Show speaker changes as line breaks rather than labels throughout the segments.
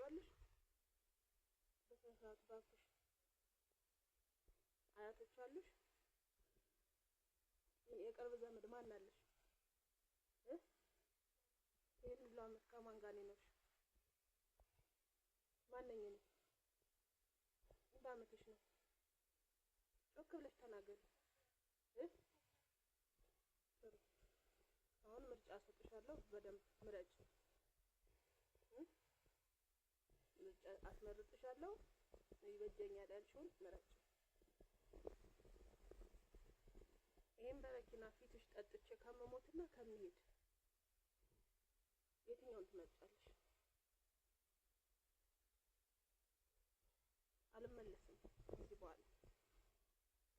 ታውቂዋለሽ? በስነ ስርዓት እባክሽ። አያቶች አሉሽ? የቅርብ ዘመድ ማን አለሽ? ይህን ሁሉ አመት ከማን ጋር ነው የኖርሽ? ማነኝ ነው? እንደ አመትሽ ነው? ጮክ ብለሽ ተናገሪ። አሁን ምርጫ ሰጥሻለሁ፣ በደንብ ምረጭ። አስመርጥሻለሁ። ይበጀኛል ያልሽውን ምረጭ። ይህም በረኪና ፊትሽ ጠጥቼ ከመሞትና ከምሄድ የትኛውን ትመርጫለሽ? አልመለስም ከዚህ በኋላ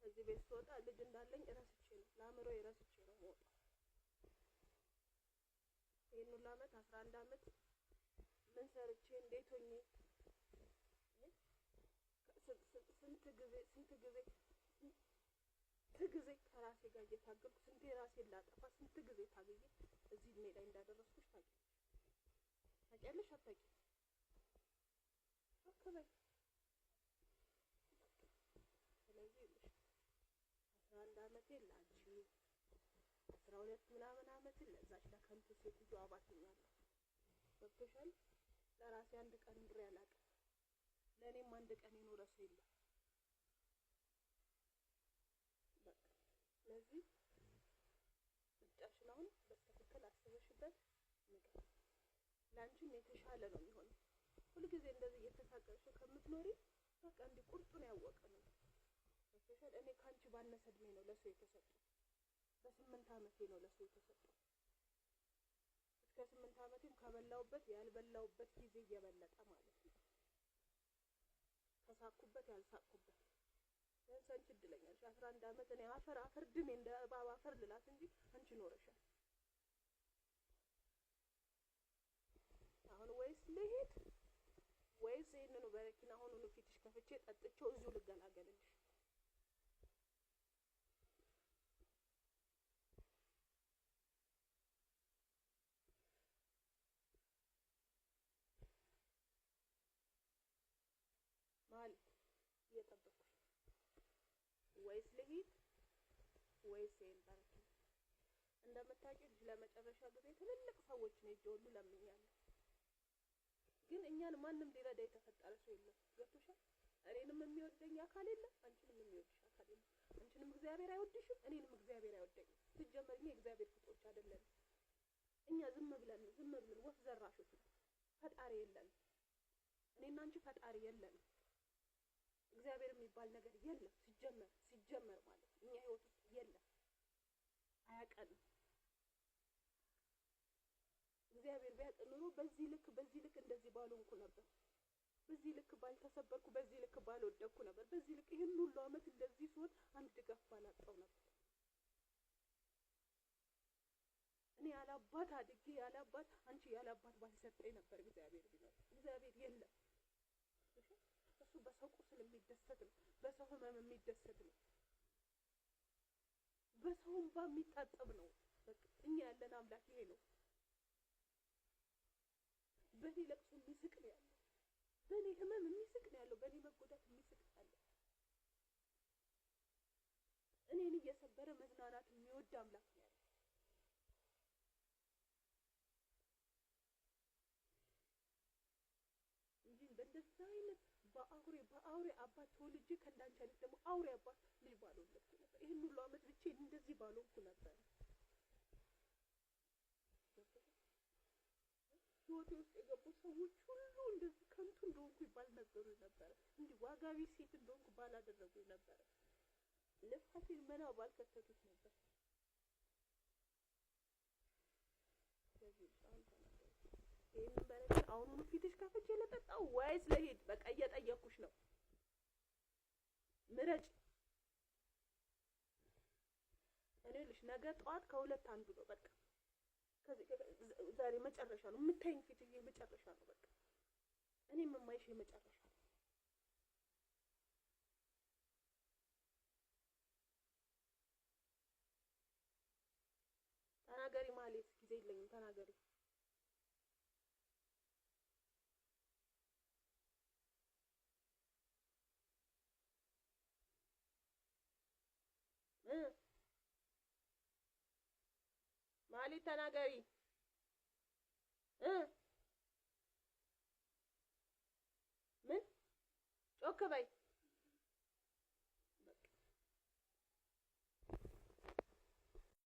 ከዚህ ቤት ስወጣ ልጅ እንዳለኝ እረስቼ ነው፣ ለአእምሮ እረስቼ ነው የምወጣው። ይህን ሁሉ አመት አስራ አንድ አመት ምን ሰርቼ እንዴት ሆኜ ስንት ጊዜ ስንት ጊዜ ስንት ጊዜ ከራሴ ጋር እየታገልኩ ስንቴ ራሴን ላጠፋ ስንት ጊዜ ታግዬ እዚህ እድሜ ላይ እንዳደረስኩሽ ታውቂያለሽ። ታውቂያለሽ አታውቂም? አከበኝ። ስለዚህ አስራ አንድ አመቴ ለአንቺ አስራ ሁለት ምናምን አመት ለዛች ለከንቱ ሴትዮ አባትኛለሁ። ገብቶሻል? ለራሴ አንድ ቀን ምሬ አላውቅም። ለእኔም አንድ ቀን የኖረ ሰው የለም። ስለዚህ ምርጫሽን አሁን በትክክል አስበሽበት ነገር ለአንቺም የተሻለ ነው የሚሆነው። ሁልጊዜ እንደዚህ እየተሳቀቅሽ ከምትኖሪ በቃ እንዲህ ቁርጡን ያወቀ ነው ይሻል። እኔ ከአንቺ ባነሰ እድሜ ነው ለሰው የተሰጠው። በስምንት ዓመቴ ነው ለሰው የተሰጠው። እስከ ስምንት ዓመቴም ከበላውበት ያልበላውበት ጊዜ እየበለጠ ማለት ነው። ያልሳቅኩበት ያልሳቅኩበት ይህን ሰንች እድለኛልሽ። አስራ አንድ አመት እኔ አፈር አፈር ድሜ እንደ እባብ አፈር ልላት እንጂ አንቺ ኖረሻል። አሁን ወይስ ልሄድ ወይስ ይህንኑ በረኪና አሁኑኑ ፊትሽ ከፍቼ ጠጥቼው እዚሁ ልገላገልልሽ? ሌሊት ወይስ የለችም። እንደምታውቂው ለመጨረሻ ጊዜ ትልልቅ ሰዎች ነው እጅ ሁሉ ለምኛለሁ፣ ግን እኛን ማንም ሊረዳ የተፈጠረ ሰው የለም። ገብቶሻል? እኔንም የሚወደኝ አካል የለም፣ አንቺንም የሚወድሽ አካል የለም። አንቺንም እግዚአብሔር አይወድሽም፣ እኔንም እግዚአብሔር አይወደኝም። ሲጀመር እኛ የእግዚአብሔር ፍጦች አይደለም። እኛ ዝም ብለን ዝም ብለን ወፍ ዘራሾች፣ ፈጣሪ የለን። እኔና አንቺ ፈጣሪ የለን። እግዚአብሔር የሚባል ነገር የለም። ሲጀመር ሲጀመር ማለት እኛ ህይወት ውስጥ የለም፣ አያቀንም። እግዚአብሔር ቢያቅ ኑሮ በዚህ ልክ በዚህ ልክ እንደዚህ ባልሆንኩ ነበር፣ በዚህ ልክ ባልተሰበርኩ፣ በዚህ ልክ ባልወደኩ ነበር፣ በዚህ ልክ ይህን ሁሉ አመት እንደዚህ ሲሆን አንድ ድጋፍ ባላጣው ነበር። እኔ ያለ አባት አድጌ ያለ አባት አንቺ ያለ አባት ባልሰጠኝ ነበር እግዚአብሔር ቢኖር እግዚአብሔር የለም በሰው ቁስል የሚደሰት ነው። በሰው ህመም የሚደሰት ነው። በሰው እንባ የሚታጠብ ነው። እኛ ያለን አምላክ ይሄ ነው። በእኔ ለቅሶ የሚስቅ ነው ያለው። በእኔ ህመም የሚስቅ ነው ያለው። በእኔ መጎዳት የሚስቅ ነው ያለው። እኔን እየሰበረ መዝናናት የሚወድ አምላክ ነው እንጂ አይነት በአውሬ በአውሬ አባት ተወልጄ ከእንዳንቺ አይነት ደግሞ አውሬ አባት ልጅ ባልወለድኩ ነበር። ይህን ሁሉ አመት ብቼ እንደዚህ ባልሆንኩ ነበር። ህይወቴ ውስጥ የገቡ ሰዎች ሁሉ እንደዚህ ከንቱ እንደሆንኩ ባልነገሩ ነበረ። እንዲህ ዋጋቢ ሴት እንደሆንኩ ባላደረጉ ነበረ። ልፋቴን መና ባልከተቱት ነበር። ስለዚህ በጣም አሁኑኑ ፊትሽ ከፍቼ ልጠጣው ወይስ ለሄድ? በቃ እየጠየኩሽ ነው። ምረጭ። እኔ ልሽ ነገ ጠዋት ከሁለት አንዱ ነው። በቃ ዛሬ መጨረሻ ነው የምታይኝ፣ ፊትዬ መጨረሻ ነው። በቃ እኔ የምማይሽ የመጨረሻ ነው። ተናገሪ ማለት ጊዜ የለኝም። ተናገሪ ማሊት ተናገሪ። ምን ጮክ በይ።